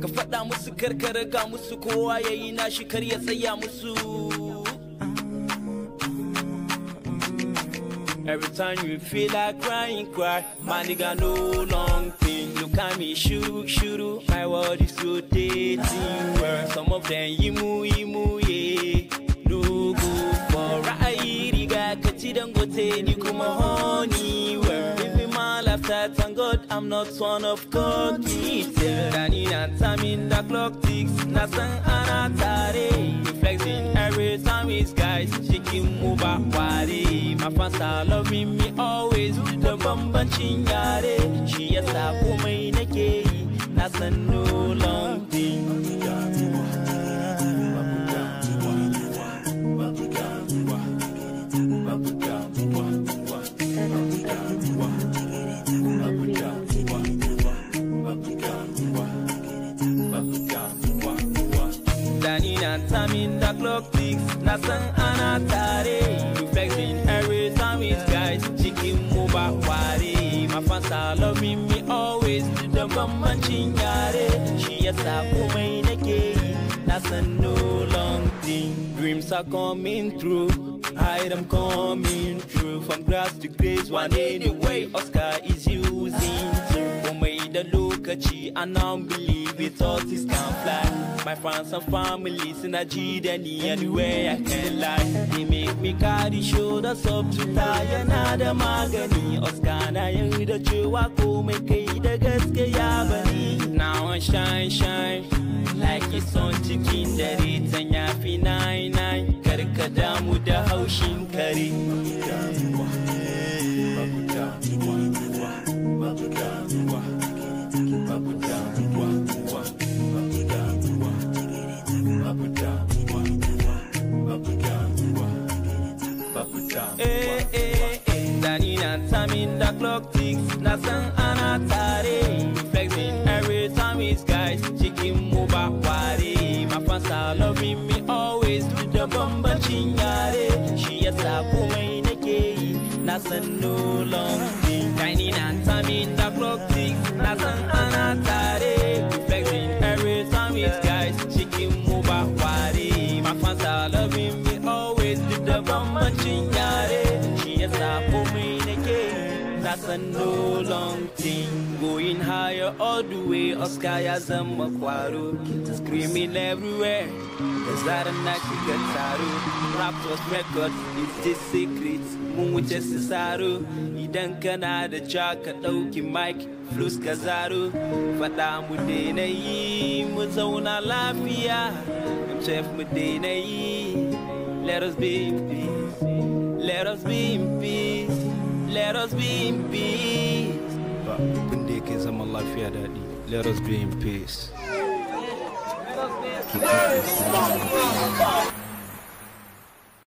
ka faɗa musu karkara ga musu kowa ya yi nashi kar ya tsaya musu Every time you feel like crying, cry. My nigga, no long thing. Look at me, shuru shuru My world is rotating. Where some of them, yimu, yimu, yeah. No good for right. Riga, kati, dangote, ni kuma honey. God, I'm not one of God. Dani na time the clock ticks, Nothing on a anatare. Reflecting every time with guys, shaking move wari. My fans are loving me always, the bamba chinyare. She is a woman, in a na Nothing no longer. when the clock ticks, Nasan Anatare. Reflecting every time it guys, chicken muba wari. My fans are loving me always, the mama chingare. She is a woman again, Nasan no long thing. Dreams are coming true. I am coming through from grass to grace. One anyway, Oscar is using to. in the look at she, and now believe it, all this can fly. My friends and family suna ji da ni anywhere I can like They make me carry shoulders up to tie da magani. Oscar na yarda cewa komai kai da gaske ya bani. Now I shine shine like it's on cikin dare tan ya fi nine nine. Kar damu da haushin kare. Ba ku Eh, eh, eh. Danny na time in the clock ticks. Na san anatare. Flexing every time with guys. Chicken muba wari. My fans are loving me always. With the bomba chingare. She is a woman kumai neke. Na san no long. Danny na time in the clock ticks. Na san yammacin yare shi ya sako mai nake that's a no long thing going higher all the way oscar ya zama kwaro screaming everywhere da that na shiga taro raptors record is the secret mun wuce su saro idan kana da ja ka ɗauki mic flus ka zaro faɗa mu daina yi mu zauna lafiya chef mu daina yi let us be in peace. Let us be in peace. Let us be in peace. Ba abin da yake eh, zama lafiya daɗi. Let us be in peace. Let us be in peace.